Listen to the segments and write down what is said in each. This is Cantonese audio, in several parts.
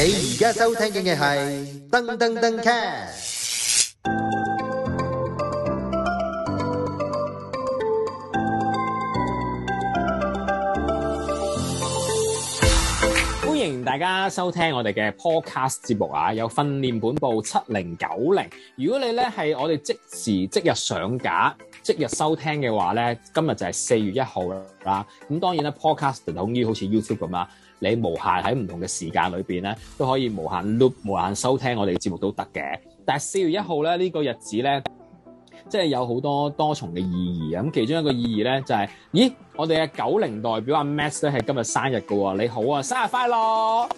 你而家收聽嘅係噔噔噔 cast，歡迎大家收聽我哋嘅 podcast 節目啊！有訓練本部七零九零，如果你咧係我哋即時即日上架、即日收聽嘅話咧，今日就係四月一號啦。咁、嗯、當然啦，podcast 就等於好似 YouTube 咁啦。你在無限喺唔同嘅時間裏面咧，都可以無限 loop 無限收聽我哋嘅節目都得嘅。但係四月一號咧呢、呢個日子咧，即係有好多多重嘅意義啊！咁其中一個意義咧就係、是，咦，我哋嘅九零代表阿 Max 咧係今日生日㗎喎，你好啊，生日快樂！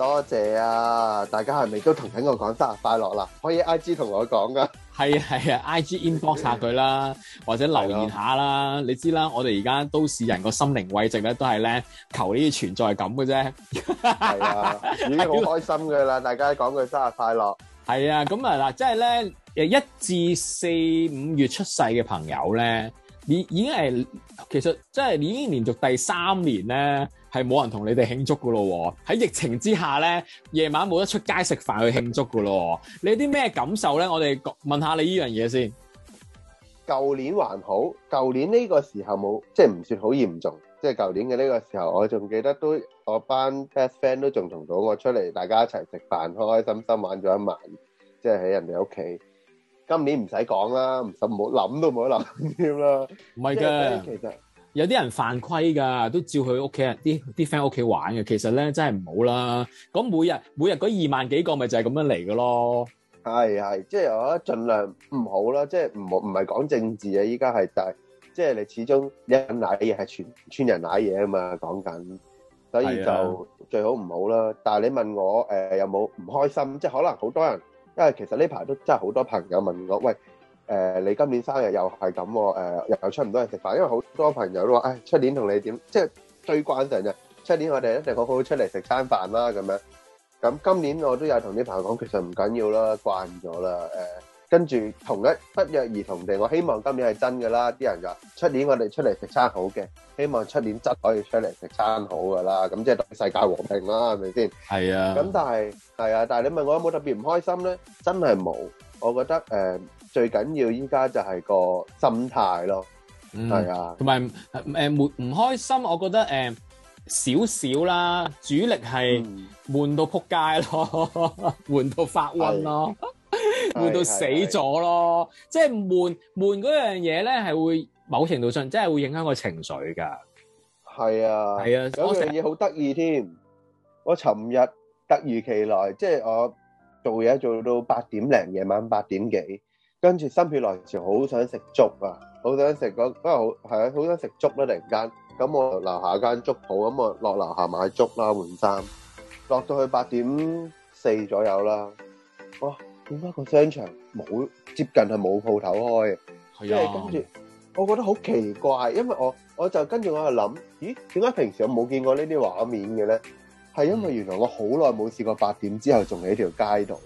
多謝啊！大家係咪都同緊我講生日快樂啦？可以 I G 同我講噶，係 啊係啊！I G inbox 下佢啦， 或者留言下啦。啊、 你知啦，我哋而家都市人個心靈慰藉咧，都係咧求呢啲存在感咁嘅啫。係 啊，已經好開心嘅啦、啊！大家講句生日快樂，係 啊，咁啊嗱，即係咧，一至四五月出世嘅朋友咧，已已經係其實即係已經連續第三年咧。係冇人同你哋慶祝噶咯喎。喺疫情之下咧，夜晚冇得出街食飯去慶祝噶咯。你有啲咩感受咧？我哋問下你呢樣嘢先。舊年還好，舊年呢個時候冇，即係唔算好嚴重。即係舊年嘅呢個時候，我仲記得都，我班 best friend 都仲同到我出嚟，大家一齊食飯，開開心心玩咗一晚。即係喺人哋屋企。今年唔使講啦，唔使唔好諗都冇得諗添啦。唔係嘅，其實。有啲人犯規㗎，都照佢屋企人啲啲 friend 屋企玩嘅。其實咧，真係唔好啦。咁每日每日嗰二萬幾個，咪就係咁樣嚟嘅咯。係係，即係我覺得盡量唔好啦。即係唔唔係講政治啊？依家係，但係即係你始終你奶嘢係全村人奶嘢啊嘛，講緊。所以就最好唔好啦。但係你問我誒、呃、有冇唔開心？即係可能好多人，因為其實呢排都真係好多朋友問我，喂。誒，你今年生日又係咁喎，誒，又出唔到嚟食飯，因為好多朋友都話，誒，出年同你點，即係最慣常啫。出年我哋一定好好出嚟食餐飯啦，咁樣。咁今年我都有同啲朋友講，其實唔緊要啦，慣咗啦。誒，跟住同一不約而同地，我希望今年係真㗎啦。啲人就話，出年我哋出嚟食餐好嘅，希望出年真可以出嚟食餐好㗎啦。咁即係對世界和平啦，係咪先？係啊。咁但係係啊，但係你問我有冇特別唔開心咧？真係冇，我覺得誒。最緊要依家就係個心態咯，嗯，係啊，同埋誒，悶唔開心，我覺得誒少少啦，主力係悶到撲街咯，悶到發瘟咯，悶到死咗咯，即係悶悶嗰樣嘢咧，係會某程度上真係會影響個情緒噶，係啊，係啊，有樣嘢好得意添，我尋日突如其來，即係我做嘢做到八點零，夜晚八點幾。跟住心血來潮，好想食粥啊！好想食嗰，不過好係啊，好想食粥啦！突然間，咁我樓下間粥鋪，咁我落樓下買粥啦換衫，落到去八點四左右啦。哇！點解個商場冇接近係冇鋪頭開？即係跟住，我覺得好奇怪，因為我我就跟住我就諗，咦？點解平時我冇見過呢啲畫面嘅咧？係因為原來我好耐冇試過八點之後仲喺條街度。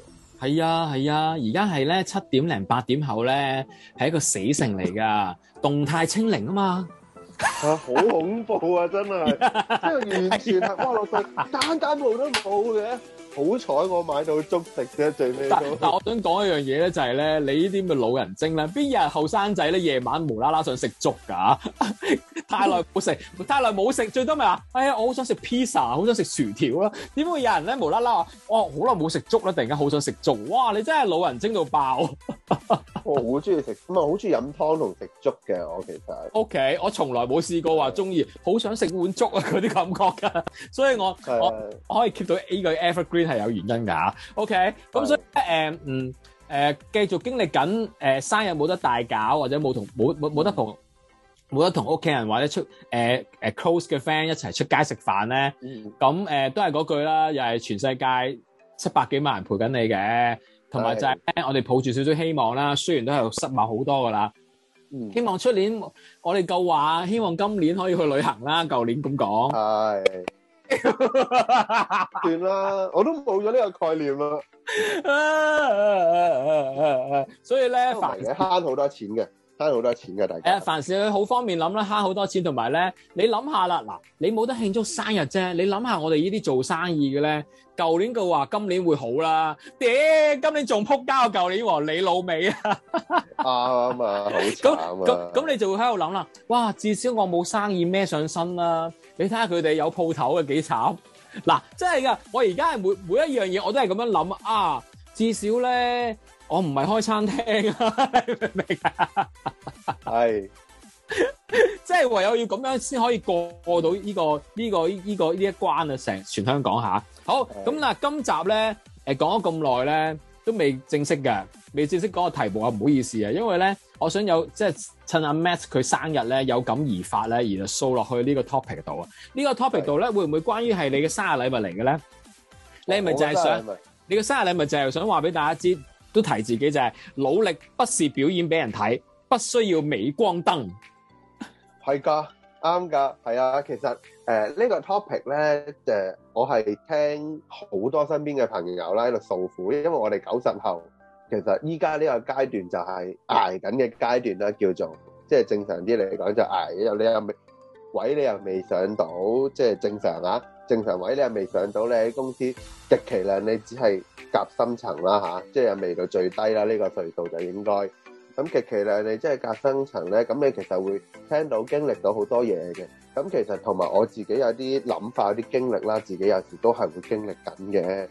係啊，係啊。而家係咧七點零八點後咧，係一個死城嚟㗎，動態清零啊嘛， 啊好恐怖啊真係，即 係完全係瓜落盡，單單步都冇嘅。好彩我買到粥食啫，最尾。但我想講一樣嘢咧，就係、係、咧，你呢啲咁嘅老人精咧，邊日後生仔咧夜晚無啦啦想食粥㗎？ 太耐冇食，太耐冇食，最多咪、就、話、是，哎呀，我好想食披薩好想食薯條啦。點會有人咧無啦啦話，我好耐冇食粥啦，突然間好想食粥。哇，你真係老人精到爆。 我好中意食，咁、嗯、啊，好中意飲湯同食粥嘅我其實。O、okay, K，我從來冇試過話中意，好想食碗粥啊嗰啲感覺噶，所以我我，我可以 keep 到 A 個 evergreen 係有原因噶。O K，咁所以誒、呃呃呃呃，嗯，誒，繼續經歷緊，誒，生日冇得大搞，或者冇同冇冇冇得同。冇得同屋企人或者出誒誒 close 嘅 friend 一齊出街食飯咧，咁、嗯、誒、呃、都係嗰句啦，又係全世界七百幾萬人陪緊你嘅，同埋就係我哋抱住少少希望啦。雖然都係失望好多噶啦、嗯，希望出年我哋舊話，希望今年可以去旅行啦。舊年咁講，斷啦， 我都冇咗呢個概念啦、啊啊啊啊啊啊啊。所以咧，反而慳好多錢嘅。慳好多錢噶，大家。誒、啊，凡事佢好方便諗啦，慳好多錢，同埋咧，你諗下啦，嗱，你冇得慶祝生日啫，你諗下我哋呢啲做生意嘅咧，舊年佢話今年會好啦，屌，今年仲扑街過舊年喎，你老味 啊！啱啊，好慘啊！咁咁咁，你就會喺度諗啦，哇，至少我冇生意孭上身啦，你睇下佢哋有鋪頭嘅幾慘，嗱、啊，真係噶，我而家係每每一樣嘢我都係咁樣諗啊，至少咧。我唔係開餐廳啊，明唔明啊？係，即係唯有要咁樣先可以過到呢個呢個呢個呢一關啊！成全香港吓，好咁，嗱，今集咧誒，講咗咁耐咧，都未正式嘅，未正式講個題目啊！唔好意思啊，因為咧，我想有即係趁阿 Matt 佢生日咧有感而發咧，然後掃落去呢個 topic 度啊！呢個 topic 度咧，會唔會關於係你嘅生日禮物嚟嘅咧？禮物你係咪就係想你嘅生日禮物就係想話俾大家知。都提自己就係、是、努力，不是表演俾人睇，不需要鎂光燈。係噶，啱噶，係啊。其實誒呢、呃這個 topic 咧，就是、我係聽好多身邊嘅朋友啦喺度訴苦，因為我哋九十後其實依家呢個階段就係捱緊嘅階段啦，叫做即係正常啲嚟講就捱，你又未位，鬼你又未上到，即係正常啦、啊。正常位你又未上到，你喺公司極其量你只係夾深層啦嚇，即係又未到最低啦。呢個隧道就應該咁極其量你即係夾深層咧，咁你其實會聽到經歷到好多嘢嘅。咁其實同埋我自己有啲諗法、有啲經歷啦，自己有時都係會經歷緊嘅。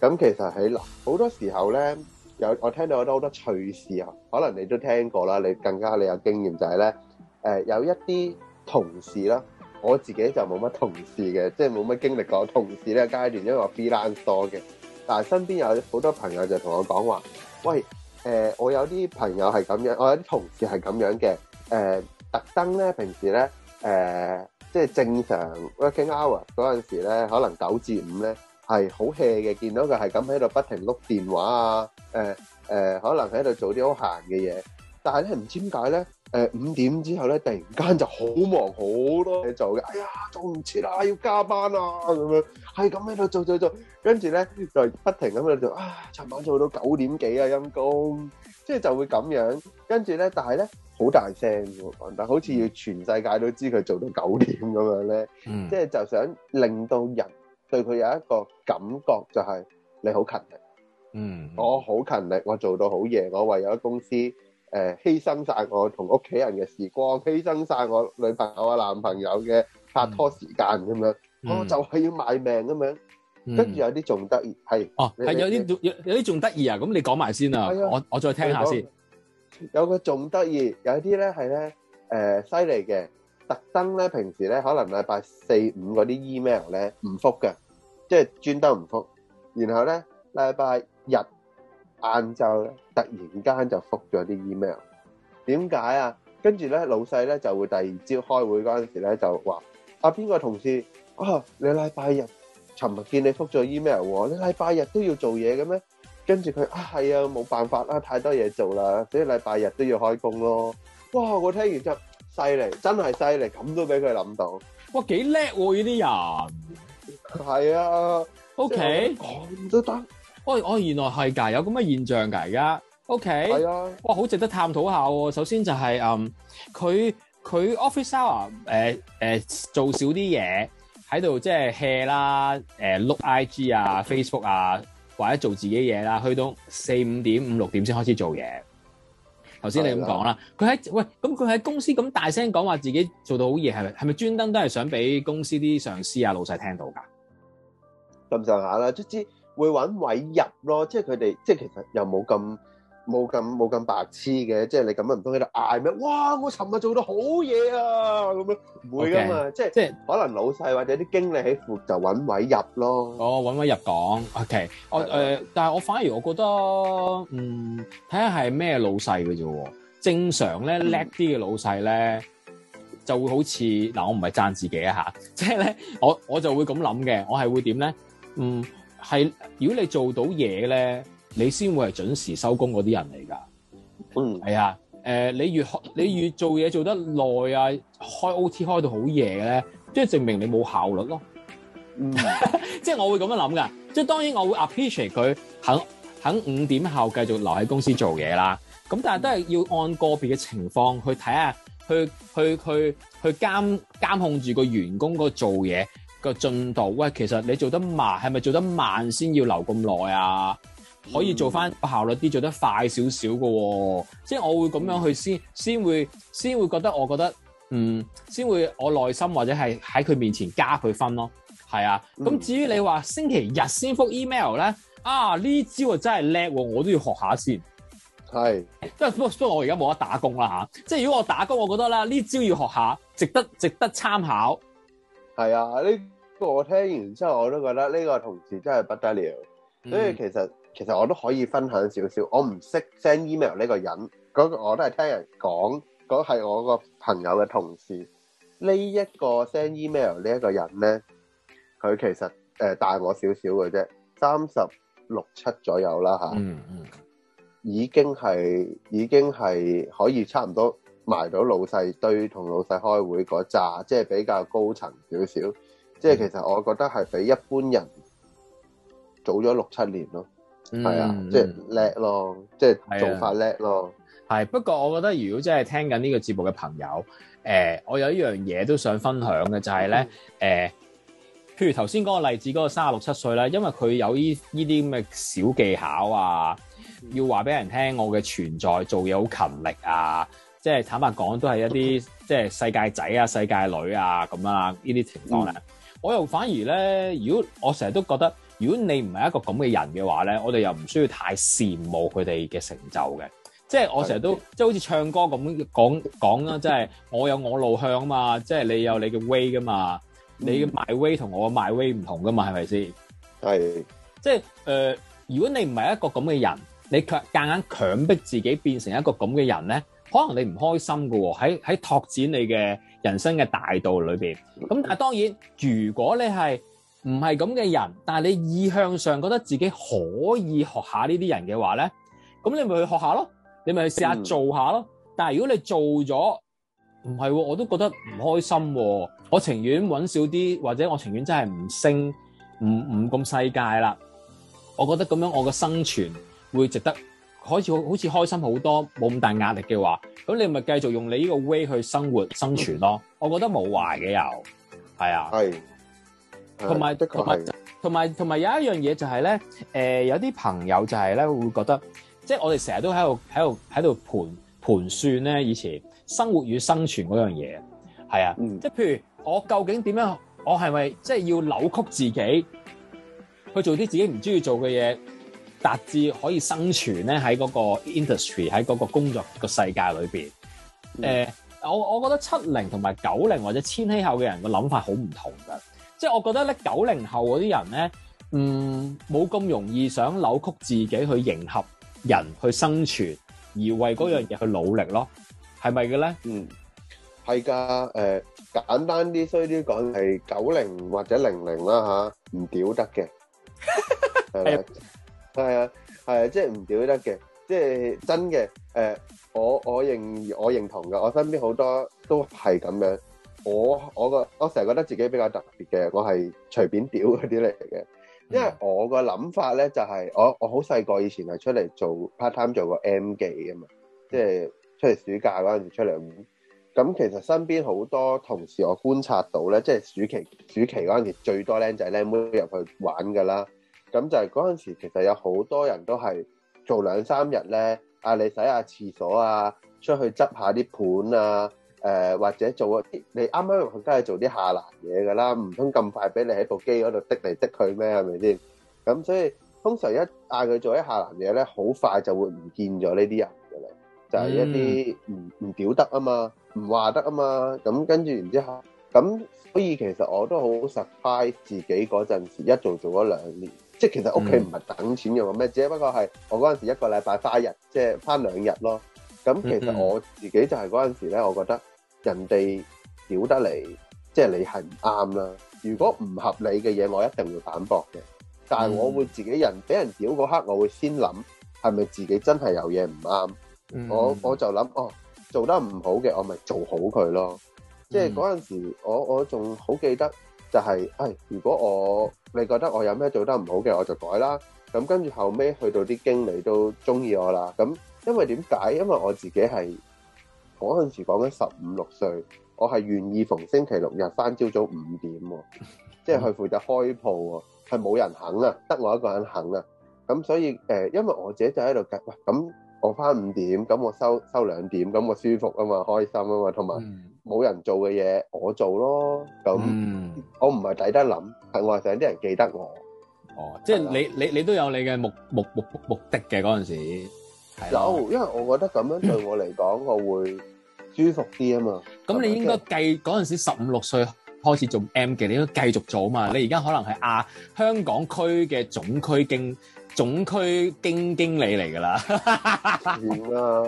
咁其實喺好多時候咧，有我聽到好多好多趣事啊，可能你都聽過啦。你更加你有經驗就係咧，誒有一啲同事啦。我自己就冇乜同事嘅，即係冇乜經歷過同事呢個階段，因為我 freelance 多嘅。但係身邊有好多朋友就同我講話：喂，誒、呃，我有啲朋友係咁樣，我有啲同事係咁樣嘅。誒、呃，特登咧，平時咧，誒、呃，即係正常 working hour 嗰陣時咧，可能九至五咧係好 hea 嘅，見到佢係咁喺度不停碌電話啊，誒、呃呃、可能喺度做啲好閒嘅嘢，但係咧唔知點解咧。誒五點之後咧，突然間就好忙，好多嘢做嘅。哎呀，做唔切啦，要加班啊咁樣，係咁喺度做做做，跟住咧就不停咁喺度做。啊，尋晚做到九點幾啊，陰公，即係就會咁樣。跟住咧，但係咧好大聲嘅，但係好似要全世界都知佢做到九點咁樣咧。嗯。即係就想令到人對佢有一個感覺，就係你好勤力。嗯。我好勤力，我做到好夜，我為咗公司。誒犧牲曬我同屋企人嘅時光，犧牲曬我女朋友啊男朋友嘅拍拖時間咁樣，我就係要賣命咁樣，跟住有啲仲得意，係哦，係有啲有有啲仲得意啊！咁你講埋先啊，係啊，我我再聽下先。有個仲得意，有啲咧係咧誒犀利嘅特登咧，平時咧可能禮拜四五嗰啲 email 咧唔覆嘅，即係專登唔覆，然後咧禮拜日。晏晝咧，突然間就覆咗啲 email，點解啊？跟住咧，老細咧就會第二朝開會嗰陣時咧就話：，啊，邊個同事啊、哦？你禮拜日尋日見你覆咗 email，你禮拜日都要做嘢嘅咩？跟住佢啊，係啊，冇辦法啦，太多嘢做啦，所以禮拜日都要開工咯。哇！我聽完之後，犀利，真係犀利，咁都俾佢諗到，哇，幾叻喎呢啲人，係啊，OK，都得。Okay? 哦，哦，原來係㗎，有咁嘅現象㗎，而家 OK，哇，好值得探討下喎。首先就係、是、嗯，佢佢 office hour，誒、呃、誒、呃、做少啲嘢喺度，即係 hea 啦，誒、呃、look IG 啊，Facebook 啊，或者做自己嘢啦，去到四五點五六點先開始做嘢。頭先你咁講啦，佢喺喂咁，佢喺公司咁大聲講話自己做到好夜，係咪係咪專登都係想俾公司啲上司啊老細聽到㗎？咁上下啦，都知。會揾位入咯，即係佢哋，即係其實又冇咁冇咁冇咁白痴嘅，即係你咁樣唔通喺度嗌咩？哇！我尋日做到好嘢啊！咁樣唔會噶嘛，okay. 即係即係可能老細或者啲經理喺度就揾位入咯。哦，揾位入講，OK、啊、我誒、呃啊，但係我反而我覺得，嗯，睇下係咩老細嘅啫喎。正常咧叻啲嘅老細咧就會好似嗱、嗯，我唔係讚自己一下，即係咧我我就會咁諗嘅，我係會點咧？嗯。係如果你做到嘢咧，你先會係準時收工嗰啲人嚟㗎。嗯、mm.，係啊。誒，你越你越做嘢做得耐啊，開 OT 開到好夜嘅咧，即係證明你冇效率咯。嗯、mm. 即係我會咁樣諗㗎。即係當然我會 appreciate 佢肯肯五點後繼續留喺公司做嘢啦。咁但係都係要按個別嘅情況去睇下，去去去去監監控住個員工個做嘢。個進度喂，其實你做得慢係咪做得慢先要留咁耐啊、嗯？可以做翻效率啲，做得快少少嘅，即係我會咁樣去、嗯、先，先會先會覺得，我覺得嗯，先會我內心或者係喺佢面前加佢分咯。係啊，咁、嗯、至於你話星期日先覆 email 咧，啊呢招真係叻，我都要學下先。係，因不過我而家冇得打工啦、啊、即係如果我打工，我覺得啦呢招要學下，值得值得參考。係啊，呢、這個我聽完之後我都覺得呢個同事真係不得了、嗯，所以其實其實我都可以分享少少。我唔識 send email 呢個人，那個、我都係聽人講，嗰、那、係、個、我個朋友嘅同事。呢、這、一個 send email 呢一個人咧，佢其實、呃、大我少少嘅啫，三十六七左右啦、啊、嗯嗯，已經係已經係可以差唔多。埋到老細堆同老細開會嗰扎，即係比較高層少少，即係其實我覺得係比一般人早咗六七年咯，係、嗯、啊，即係叻咯，即係做法叻咯。係不過我覺得如果真係聽緊呢個節目嘅朋友，誒、呃，我有一樣嘢都想分享嘅就係、是、咧，誒、呃，譬如頭先嗰個例子嗰、那個三十六七歲咧，因為佢有呢依啲咁嘅小技巧啊，要話俾人聽我嘅存在，做嘢好勤力啊。即、就、係、是、坦白講，都係一啲即係世界仔啊、世界女啊咁呀。呢啲情況咧、嗯，我又反而咧，如果我成日都覺得，如果你唔係一個咁嘅人嘅話咧，我哋又唔需要太羨慕佢哋嘅成就嘅。即、就、係、是、我成日都即係好似唱歌咁講講啦，即係、就是、我有我路向啊嘛，即、就、係、是、你有你嘅 way 噶嘛，嗯、你嘅 my way 同我嘅 my way 唔同噶嘛，係咪先？係。即係誒，如果你唔係一個咁嘅人，你強夾硬強逼自己變成一個咁嘅人咧，可能你唔開心㗎喎，喺喺拓展你嘅人生嘅大道裏面。咁但係當然，如果你係唔係咁嘅人，但你意向上覺得自己可以學下呢啲人嘅話咧，咁你咪去學下咯，你咪去試下做下咯。嗯、但如果你做咗，唔係，我都覺得唔開心。我情願揾少啲，或者我情願真係唔升，唔唔咁世界啦。我覺得咁樣我嘅生存會值得。好似好似開心好多，冇咁大壓力嘅話，咁你咪繼續用你呢個 way 去生活生存咯。我覺得冇壞嘅又係啊，係。同埋同埋同埋有一樣嘢就係咧，誒有啲朋友就係咧會覺得，即係我哋成日都喺度喺度喺度盤盤算咧，以前生活與生存嗰樣嘢，係啊，即係譬如我究竟點樣，我係咪即係要扭曲自己去做啲自己唔中意做嘅嘢？達至可以生存咧，喺嗰個 industry，喺嗰個工作個世界裏邊。誒，我我覺得七零同埋九零或者千禧後嘅人個諗法好唔同㗎，即係我覺得咧九零後嗰啲人咧，嗯，冇咁容易想扭曲自己去迎合人去生存，而為嗰樣嘢去努力咯，係咪嘅咧？嗯，係㗎。誒，簡單啲，衰啲講係九零或者零零啦嚇，唔屌得嘅，係咪？係啊，係啊，即係唔屌得嘅，即係真嘅。誒、呃，我我認我認同嘅。我身邊好多都係咁樣的。我我個我成日覺得自己比較特別嘅，我係隨便屌嗰啲嚟嘅。因為我個諗法咧，就係、是、我我好細個以前係出嚟做 part time 做個 M 記啊嘛，即係出嚟暑假嗰陣時出嚟咁。咁其實身邊好多同事，我觀察到咧，即係暑期暑期嗰陣時最多僆仔僆妹入去玩噶啦。咁就係嗰陣時，其實有好多人都係做兩三日咧，嗌你洗下廁所啊，出去執下啲盤啊，誒或者做啊啲你啱啱梗係做啲下欄嘢㗎啦，唔通咁快俾你喺部機嗰度滴嚟滴去咩？係咪先？咁所以通常一嗌佢做一下欄嘢咧，好快就會唔見咗呢啲人嘅啦，就係一啲唔唔屌得啊嘛，唔話得啊嘛，咁跟住然之後，咁所以其實我都好 surprise 自己嗰陣時一做做咗兩年。即係其實屋企唔係等錢用咁咩，只不過係我嗰陣時一個禮拜返一日，即係返兩日咯。咁其實我自己就係嗰陣時咧，我覺得人哋屌得嚟，即係你係唔啱啦。如果唔合理嘅嘢，我一定會反駁嘅。但係我會自己人俾、嗯、人屌嗰刻，我會先諗係咪自己真係有嘢唔啱。我我就諗哦，做得唔好嘅，我咪做好佢咯。即係嗰陣時我，我我仲好記得。就係，誒，如果我你覺得我有咩做得唔好嘅，我就改啦。咁跟住後尾去到啲經理都中意我啦。咁因為點解？因為我自己係嗰陣時講緊十五六歲，我係願意逢星期六日返朝早五點，即係去負責開鋪喎。係冇人肯啊，得我一個人肯啊。咁所以誒，因為我自己就喺度計，喂，咁我返五點，咁我收收兩點，咁我舒服啊嘛，開心啊嘛，同埋。冇人做嘅嘢，我做咯。咁我唔係抵得諗，係我係想啲人記得我。哦，即係你你你都有你嘅目目目目的嘅嗰陣時。有，因為我覺得咁樣對我嚟講，我會舒服啲啊嘛。咁你應該繼嗰陣時十五六歲開始做 M 嘅，你應該繼續做啊嘛。你而家可能係亞香港區嘅總區經。總區經經理嚟噶 天、啊、 啦，點啊？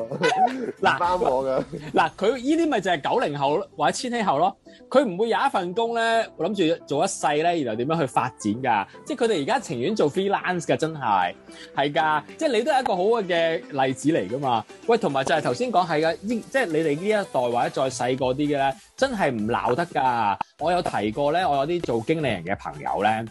嗱，啱我噶。嗱，佢呢啲咪就係九零後或者千禧後咯。佢唔會有一份工咧，諗住做一世咧，然後點樣去發展噶？即係佢哋而家情願做 freelance 噶，真係係噶。即係、就是、你都係一個好嘅例子嚟噶嘛？喂，同埋就係頭先講係噶，即係、就是、你哋呢一代或者再細個啲嘅咧，真係唔鬧得噶。我有提過咧，我有啲做經理人嘅朋友咧，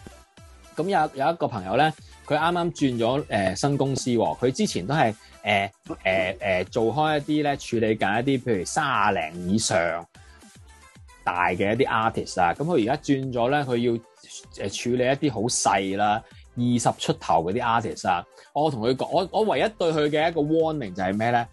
咁有有一個朋友咧。佢啱啱轉咗誒新公司喎，佢之前都係誒誒誒做開一啲咧處理緊一啲，譬如三廿零以上大嘅一啲 artist 啊，咁佢而家轉咗咧，佢要誒處理一啲好細啦，二十出頭嗰啲 artist 啊，我同佢講，我我唯一對佢嘅一個 warning 就係咩咧？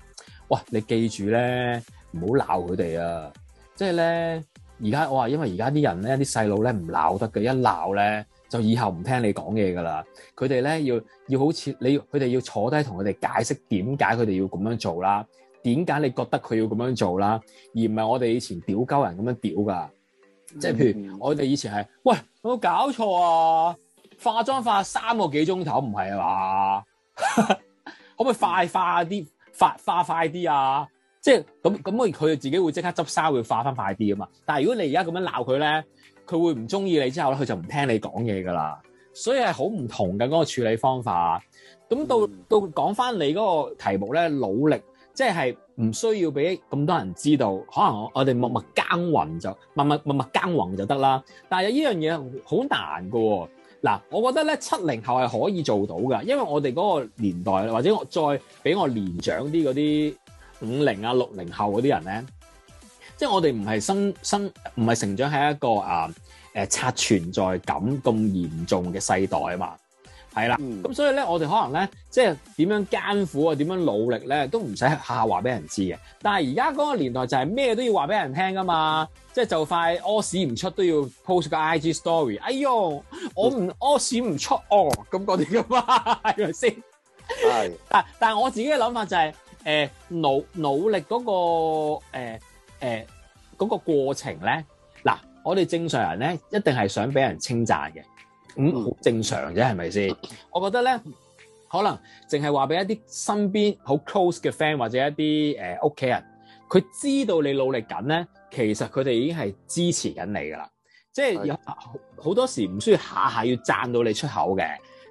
哇！你記住咧，唔好鬧佢哋啊！即係咧，而家我話，因為而家啲人咧，啲細路咧唔鬧得嘅，一鬧咧。就以後唔聽你講嘢㗎啦！佢哋咧要要好似你要佢哋要坐低同佢哋解釋點解佢哋要咁樣做啦，點解你覺得佢要咁樣做啦？而唔係我哋以前屌鳩人咁樣屌㗎， 即係譬如我哋以前係喂有冇搞錯啊？化妝化三個幾鐘頭唔係啊嘛？ 可唔可以快，快化啲，快化快啲啊？即係咁咁，佢自己會即刻執衫會化翻快啲㗎嘛？但係如果你而家咁樣鬧佢咧。佢會唔中意你之後咧，佢就唔聽你講嘢噶啦，所以係好唔同嘅嗰個處理方法。咁到到講翻你嗰個題目咧，努力即係唔需要俾咁多人知道，可能我我哋默默耕耘就默默默默耕耘就得啦。但係有呢樣嘢好難噶喎，嗱，我覺得咧七零後係可以做到噶，因為我哋嗰個年代或者我再比我年長啲嗰啲五零啊六零後嗰啲人咧。即係我哋唔係生生唔係成長喺一個啊誒刷、呃呃呃、存在感咁嚴重嘅世代啊嘛，係啦，咁、嗯、所以咧我哋可能咧即係點樣艱苦啊點樣努力咧都唔使下話俾人知嘅。但係而家嗰個年代就係咩都要話俾人聽噶嘛，即係就快屙屎唔出都要 post 個 IG story。哎喲，我唔屙屎唔出哦咁嗰啲噶嘛，係咪先？係、嗯， 但係我自己嘅諗法就係、是、誒、呃、努努力嗰、那個誒。呃誒、呃，嗰、那個過程咧，嗱，我哋正常人咧，一定係想俾人稱讚嘅，咁、嗯、好正常啫，係咪先？我覺得咧，可能淨係話俾一啲身邊好 close 嘅 friend 或者一啲誒屋企人，佢知道你努力緊咧，其實佢哋已經係支持緊你噶啦。即係有好多時唔需要下下要讚到你出口嘅，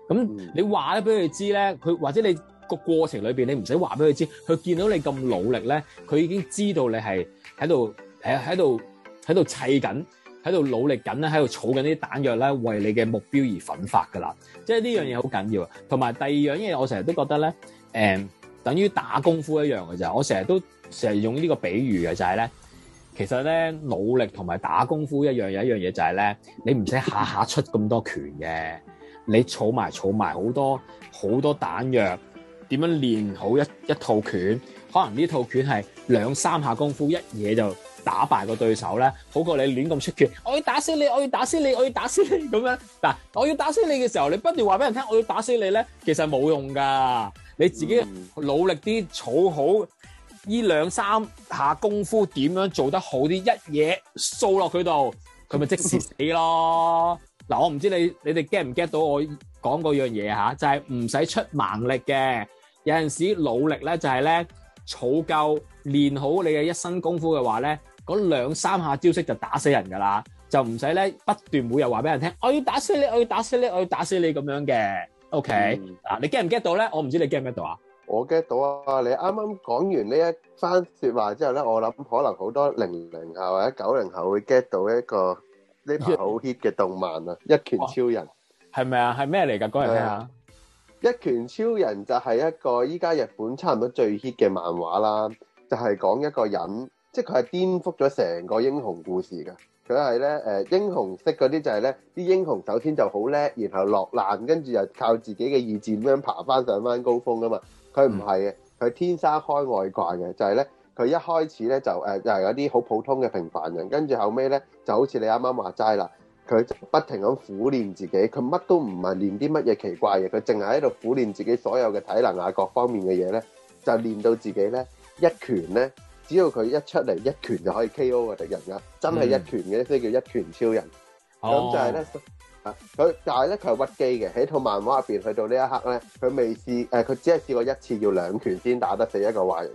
咁你話咧俾佢知咧，佢或者你個過程裏邊你唔使話俾佢知，佢見到你咁努力咧，佢已經知道你係。喺度，誒、喺度，喺度砌緊，喺度努力緊咧，喺度儲緊啲彈藥咧，為你嘅目標而奮發噶啦。即係呢樣嘢好緊要，同埋第二樣嘢，我成日都覺得咧，誒、嗯、等於打功夫一樣嘅啫。我成日都成日用呢個比喻嘅，就係、是、咧，其實咧努力同埋打功夫一樣有一樣嘢，就係咧，你唔使下下出咁多拳嘅，你儲埋儲埋好多好多彈藥。點樣練好一一套拳？可能呢套拳係兩三下功夫，一嘢就打敗個對手咧。好過你亂咁出拳，我要打死你，我要打死你，我要打死你咁樣。嗱，我要打死你嘅時候，你不斷話俾人聽我要打死你咧，其實冇用㗎。你自己努力啲，儲好呢兩三下功夫，點樣做得好啲？一嘢掃落佢度，佢咪即時死咯。嗱，我唔知你你哋 get 唔 get 到我講嗰樣嘢吓，就係唔使出盲力嘅。有陣時努力咧，就係咧，儲夠練好你嘅一身功夫嘅話咧，嗰兩三下招式就打死人噶啦，就唔使咧不斷每日話俾人聽，我要打死你，我要打死你，我要打死你咁樣嘅。O K，嗱，你 get 唔 get 到咧？我唔知你 get 唔 get 到啊。我 get 到啊！你啱啱講完呢一番說話之後咧，我諗可能好多零零後或者九零後會 get 到一個呢排好 hit 嘅動漫啊，一拳超人係咪啊？係咩嚟噶？講嚟聽下。一拳超人就係一個依家日本差唔多最 hit 嘅漫畫啦，就係講一個人，即係佢係顛覆咗成個英雄故事嘅。佢係咧誒英雄式嗰啲就係咧啲英雄首先就好叻，然後落難，跟住又靠自己嘅意志咁樣爬翻上翻高峰噶嘛。佢唔係嘅，佢天生開外掛嘅，就係咧佢一開始咧就誒就係啲好普通嘅平凡人，跟住後尾咧就好似你啱啱話齋啦。佢不停咁苦練自己，佢乜都唔係練啲乜嘢奇怪嘅，佢淨係喺度苦練自己所有嘅體能啊，各方面嘅嘢咧，就練到自己咧一拳咧，只要佢一出嚟一拳就可以 K.O. 個敵人啊！真係一拳嘅，先、mm. 叫一拳超人。咁就係咧，啊、oh. 佢，但係咧佢係屈機嘅喺套漫畫入邊，去到呢一刻咧，佢未試，誒、呃、佢只係試過一次要兩拳先打得死一個壞人，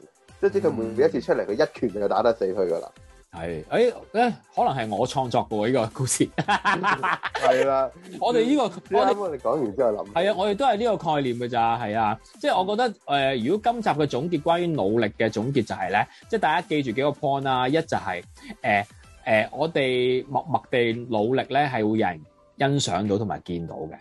即係佢每一次出嚟佢一拳就打得死佢噶啦。係，誒咧，可能係我創作過呢個故事，係啦。我哋呢個，我哋講完之後諗，係啊，我哋都係呢個概念㗎咋，係啊。即係我覺得，誒，如果今集嘅總結，關於努力嘅總結就係咧，即係大家記住幾個 point 啦，一就係，誒誒，我哋默默地努力咧，係會有人欣賞到同埋見到嘅。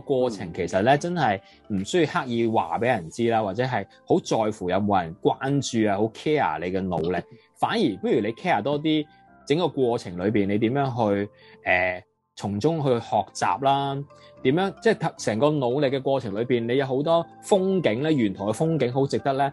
個過程其實咧，真係唔需要刻意話俾人知啦，或者係好在乎有冇人關注啊，好 care 你嘅努力。反而不如你 care 多啲整個過程裏邊，你點樣去誒、呃、從中去學習啦，點樣即係成個努力嘅過程裏邊，你有好多風景咧，沿途嘅風景好值得咧，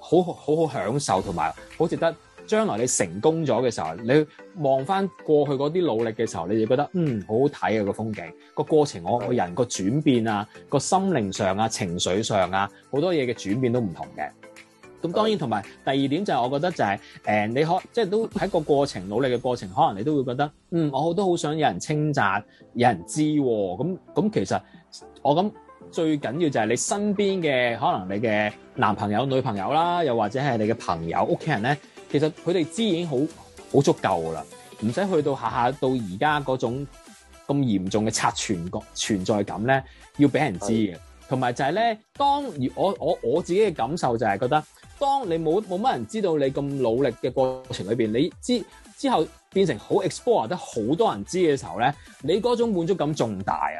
好好好享受同埋好值得。將來你成功咗嘅時候，你望翻過去嗰啲努力嘅時候，你就覺得，嗯，好好睇啊、個風景個過程，我個人個轉變啊，個心靈上啊、情緒上啊，好多嘢嘅轉變都唔同嘅。咁當然同埋第二點就係我覺得就係呃，你可即係都喺個過程努力嘅過程，可能你都會覺得嗯，我都好想有人稱讚，有人知咁咁、啊。其實我諗最緊要就係你身邊嘅可能你嘅男朋友女朋友啦，又或者係你嘅朋友屋企人咧。其實佢哋知已經好好足夠噶啦，唔使去到下下到而家嗰種咁嚴重嘅刷存存在感咧，要俾人知嘅。同埋就係咧，當我我我自己嘅感受就係覺得，當你冇冇乜人知道你咁努力嘅過程裏邊，你之之後變成好 explore 得好多人知嘅時候咧，你嗰種滿足感仲大啊！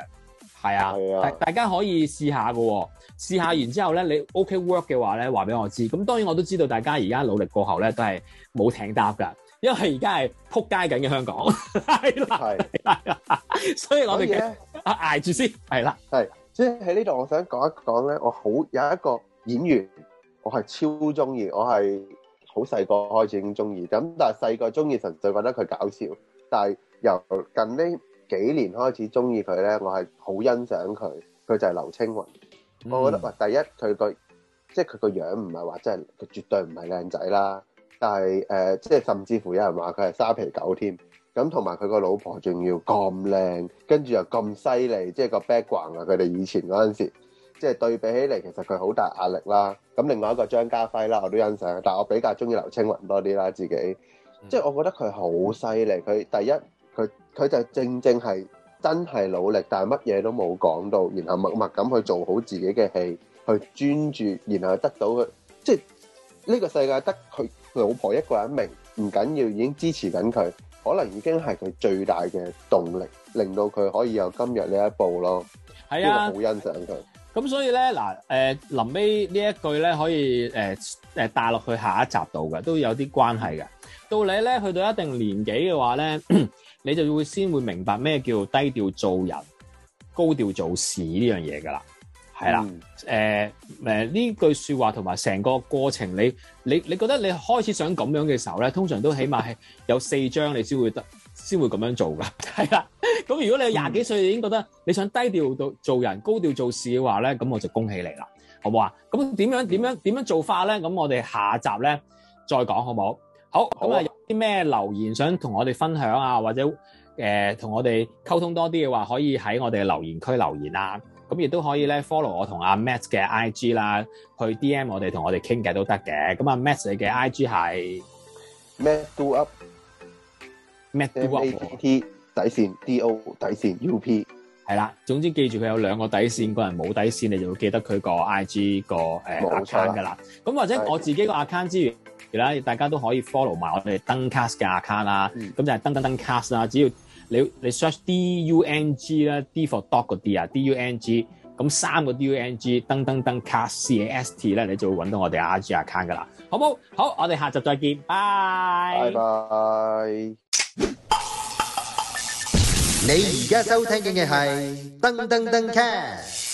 係啊，大、啊、大家可以試下噶、哦，試下完之後咧，你 OK work 嘅話咧，話俾我知。咁當然我都知道大家而家努力過後咧，都係冇艇搭噶，因為而家係撲街緊嘅香港，係啦、啊啊啊，所以我哋嘅挨住先，係啦、啊，係。即係喺呢度我想講一講咧，我好有一個演員，我係超中意，我係好細個開始已經中意，咁但係細個中意純粹覺得佢搞笑，但係由近呢。幾年開始中意佢咧，我係好欣賞佢。佢就係劉青雲，我覺得哇！第一佢個即係佢個樣唔係話即係佢，絕對唔係靚仔啦。但係誒，即係甚至乎有人話佢係沙皮狗添。咁同埋佢個老婆仲要咁靚，跟住又咁犀利，即係個 background 啊！佢哋以前嗰陣時，即係對比起嚟，其實佢好大壓力啦。咁另外一個張家輝啦，我都欣賞，但係我比較中意劉青雲多啲啦。自己即係我覺得佢好犀利，佢第一。佢就正正係真係努力，但係乜嘢都冇講到，然後默默咁去做好自己嘅戲，去專注，然後得到佢，即係呢個世界得佢老婆一個人明，唔緊要已經支持緊佢，可能已經係佢最大嘅動力，令到佢可以有今日呢一步咯。係啊，好欣賞佢。咁所以咧，嗱，誒臨尾呢一句咧，可以誒誒帶落去下一集度嘅，都有啲關係嘅。到你咧去到一定年紀嘅話咧，你就會先會明白咩叫低調做人、高調做事呢樣嘢噶啦，係啦，誒、嗯、呢、呃呃、句說話同埋成個過程，你你你覺得你開始想咁樣嘅時候咧，通常都起碼係有四張你先會得，先 會咁樣做噶，係啦。咁如果你有廿幾歲已經覺得你想低調做做人、高調做事嘅話咧，咁我就恭喜你啦，好唔好啊？咁點樣點、嗯、樣點樣做法咧？咁我哋下集咧再講，好唔好？好，咁啊。啲咩留言想同我哋分享啊，或者誒同我哋溝通多啲嘅話，可以喺我哋嘅留言區留言啊。咁亦都可以咧 follow 我同阿 Matt 嘅 IG 啦，去 DM 我哋同我哋傾偈都得嘅。咁啊，Matt 你嘅 IG 係 Matt Do Up，Matt Do Up。Matt 底線 D O 底線 U P，係啦。總之記住佢有兩個底線，個人冇底線你就會記得佢個 IG 個誒 account 噶啦。咁或者我自己個 account 之源。大家都可以 follow 埋我哋登卡嘅 account 啦咁就係登登登卡啦只要你 search dung 咧 d for dog 啲啊 dung 咁三個 dung 登登登卡 cast 咧你就會揾到我哋 rgr 卡㗎喇好唔好,好我哋下集再見拜拜你而家收聽嘅嘢係登登登 ca